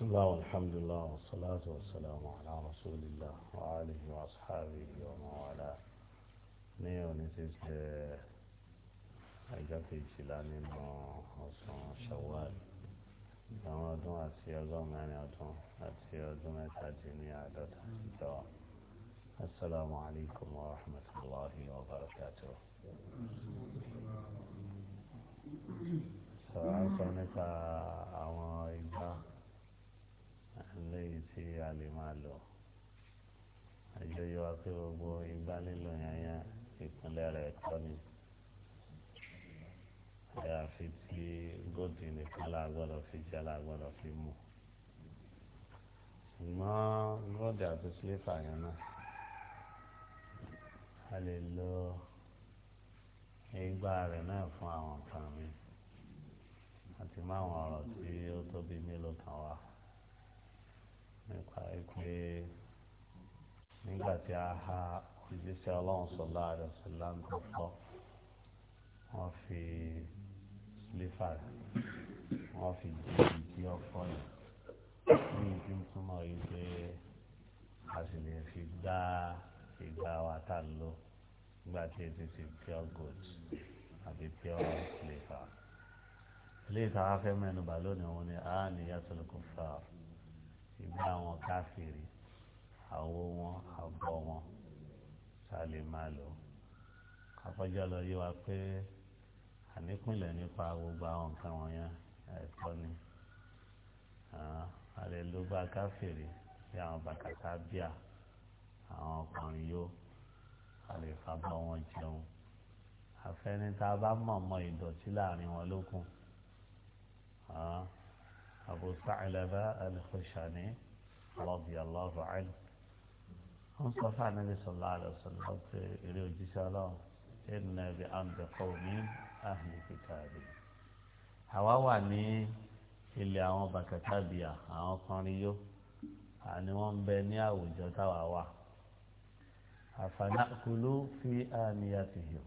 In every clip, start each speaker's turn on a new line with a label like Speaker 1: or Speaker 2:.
Speaker 1: بسم الله والحمد لله والصلاة والسلام على رسول الله وآله وأصحابه ومن والاه نيو نسيس أجا في سلاني مو أصلا شوال دوما دوما أتسيا زوم يعني أتون أتسيا زوم أتاجيني أعداد السلام عليكم ورحمة الله وبركاته سوال سونيكا أمو إبراه léyìí tí a lè máa lò àjọ yọ wá pé gbogbo igbá lílo yanya ìpínlẹ̀ rẹ̀ kọ́ ni àyàfi tí góòtù nìkan là gbọ́dọ̀ fi jẹ́ là gbọ́dọ̀ fi mú ṣùgbọ́n góòtù àti sílífà yẹn náà a lè lo igbá rẹ̀ náà fún àwọn nǹkan mi àti máwọn ọ̀rọ̀ tí ó tóbi mélòó kan wá nípa pé nígbà tí a ha òjíṣẹ́ ọlọ́run sọ̀lá rẹ̀ sọ̀lá ń tó fọ́ wọ́n fi sílífà wọ́n fi jí ìdí ọ̀fọ́ yìí ní ìdí túmọ̀ yìí pé a sì lè fi gbá ìgbà wa tá a lò nígbà tí ètò ti pure goat àbí pure sílífà ilé ìtara fẹ́ mẹ́nu bà òun ni a nìyà tó lè fà á ìgbà àwọn káfíìrì àwọ̀ wọn àbọ̀ wọn sálẹ̀ máa lọ kápẹ́jọ́ lọ yé wa pé àníkùnlẹ̀ nípa gbogbo àwọn nǹkan wọ̀nyẹn ẹ̀kọ́ ni àlẹ́ ló bá káfíìrì bí àwọn bàkàtà bíà àwọn ọkùnrin yó àlè fàbọ̀ wọn jẹun àfẹnitá bá mọ̀ọ́mọ́ láàrin wọn lókun. أبو ثعلبة الخشني رضي الله عنه انصف عن النبي صلى الله عليه وسلم إليه جسالة إن بأمر قوم أهل كتابي àwa wà ní ilẹ̀ àwọn bàkàtàbíà àwọn kanriyó àní wọ́n ń bẹ ní àwùjọ táwa wà àfànàkulú fi àníyàtìyò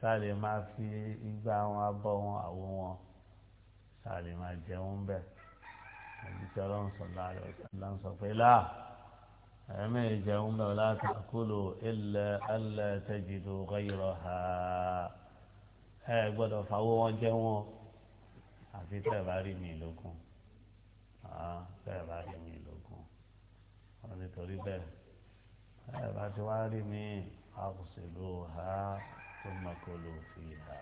Speaker 1: sáré máa fi igbá wọn abọ́ wọn àwo wọn tá a lè máa jẹun bẹ́ẹ̀ àdìsí ọlọ́run sọ̀lá rẹ̀ ọ̀sán sọ pé láà ẹ̀mí jẹun bẹ́ẹ̀ láti àkólò ilẹ̀ alẹ́ tẹ́jìdò kọ́yìrọ̀ ha ẹ gbọ́dọ̀ fàwọ́ wọn jẹun àfi tẹ́ẹ̀ bá rí mi lókun tẹ́ẹ̀ bá rí mi lókun wọn nítorí bẹ́ẹ̀ ẹ bá ti wá rí mi àkùsìlò ha tó mọ̀kòlò fi ha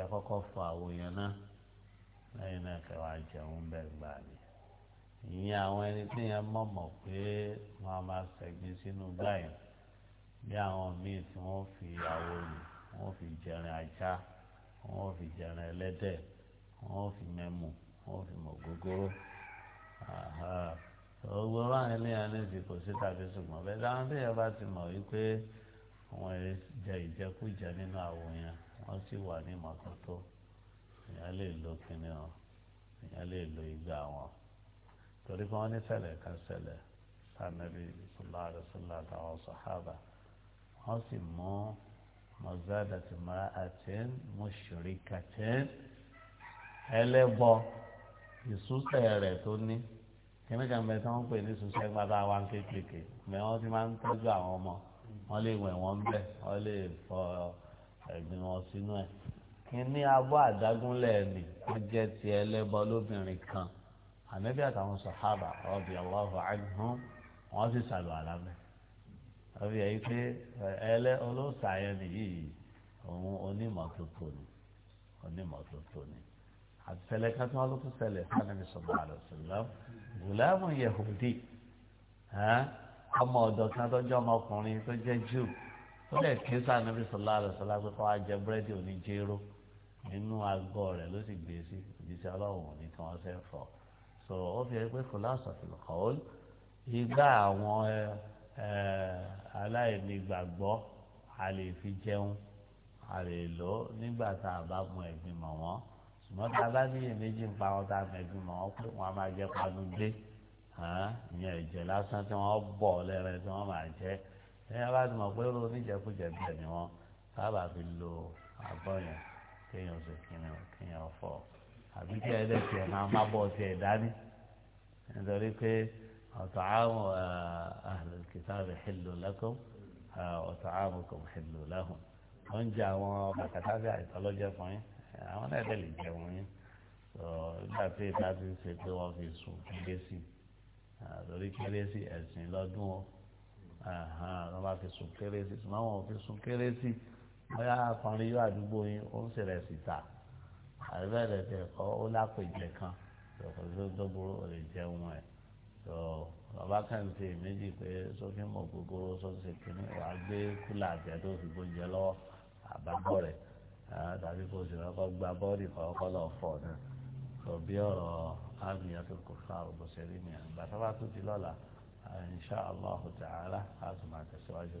Speaker 1: ẹ kọ́kọ́ fọ àwọn èèyàn náà lẹ́yìn náà kẹ́ wàá jẹun bẹ́ẹ̀ gbà mí ìyẹn àwọn ẹni tí yẹn mọ̀mọ̀ pé wọ́n á máa ṣẹ̀gbin sínú gbáyìn bí àwọn míì tí wọ́n fi àwo lù wọ́n fi jẹrin ajá wọ́n fi jẹrin ẹlẹ́dẹ̀ wọ́n fi mẹ́mu wọ́n fi mọ̀ gógóró gbogbo ráyìn eléyàn níbi kò sí tàbí ṣùgbọ́n bẹ́ẹ̀ dáhùn tí yẹn bá ti mọ̀ wípé wọ́n jẹ ìjẹkújẹ nínú àwo wọ́n sì wà ní mọ́tótó èèyàn lè lo kínní wọn èèyàn lè lo igbá wọn torí pé wọn ní ṣẹlẹ̀ kan ṣẹlẹ̀ tànàbí sọlá àdàsọlá àtàwọn sọhábà wọn sì mú mọzádàtì máa àtẹn mọṣúríkàtẹn ẹlẹbọ ìsúsẹ rẹ tó ní kíní kan bẹ tí wọn pè ní ìsúsẹ gbàdá wa kékeré mẹ wọn ti máa ń tọ́jú àwọn ọmọ wọn lè wẹ̀ wọn bẹ wọn lè fọ ẹ̀gbin wọn sínú ẹ kíní abọ́ àdágúnlẹ̀ ni wọ́n jẹ́ ti ẹlẹ́bọ lóbìnrin kan ànábì àtàwọn sàhábà ọ̀bì aláwọ̀ àìhàn wọ́n sì sàlù àlámẹ́ ọ̀bì ẹ̀yí pé ẹlẹ́ olóòsàyẹn nìyí òun onímọ̀tótó ni onímọ̀tótó ni àtẹlẹ kan tí wọn ló tún ṣẹlẹ̀ sanabi sọgbà àlọsílẹ gùlámù yehudi ọmọ ọ̀dọ̀ kan tó jẹ́ ọmọkùnrin tó jẹ́ jù tó lè ké sanabi sọgbà àlọsílẹ pé kó inú agọ́ rẹ̀ ló sì gbé sí ìdíṣẹ́ ọlọ́run ní tí wọ́n ṣe ń fọ̀ so ó fi ẹgbẹ́ philosophy kọ́ọ́lù igbá àwọn aláìnígbàgbọ́ a lè fi jẹun a lè lò ó nígbà tá a bá mọ ẹ̀gbìn mọ̀ wọ́n ṣùgbọ́n tá a bá ní èméjì ń pa wọn tá a mọ ẹ̀gbìn mọ̀ wọ́n pé wọ́n á máa jẹ́ panu gbé ìyẹn ẹ̀jẹ̀ lásán tí wọ́n bọ̀ lẹ́rẹ̀ tí wọ́n máa jẹ́ ẹ̀yìn abá ti mọ̀ pé ó ní ìjẹkújẹ bẹ́ẹ̀ ni wọ́n sábà fi lo àgbọ̀n yẹn kéèyàn ṣe kíni o kéèyàn fọ àbí kí ẹlẹ́sìn ẹ̀ máa má bọ̀ ọtí ẹ̀ dání nítorí pé ọ̀tọ̀ àwọn ahlul-kitabi hillun lakum ọ̀tọ̀ àwọn kò hillun lahum oúnjẹ àwọn bàtàkàtà ìtọ́lọ́jẹ́ fún yín àwọn náà dẹ̀ lè jẹun yín nígbà tí ìta ti ṣe pé wọ́n fi sùn kérésì lórí kérésì ẹ̀sìn lọ́dún ọ̀ bá fi sùn kérésì ṣùgbọ́n wọn fi sùn kérésì bóyá akọrin yóò àdúgbò yín ó ń ṣẹlẹ̀ síta àbẹ̀rẹ̀ tẹ̀ kọ́ ó lápèjẹ kan ìṣòkòtò tó dóboró ò lè jẹun ẹ̀ tó bàbá kẹ́ǹtì méjì pé sófin mọ̀ gbogbooro sọ́sẹ̀ kìíní wàá gbé kúlà àti ẹ̀ tó fi gbóúnjẹ lọ́wọ́ àbábọ̀ rẹ̀ tàbí kò sì lọ́kọ́ gba bọ́ọ̀dì kọ́kọ́ lọ fọ̀ náà tó bí ọ̀rọ̀ àmì ẹ̀tọ́ kò fà òbòṣẹ́rí mi àgbà tó bá ti lọ́la inṣàlá ọ̀tàlá àtùmọ̀ àtẹ̀síwájú.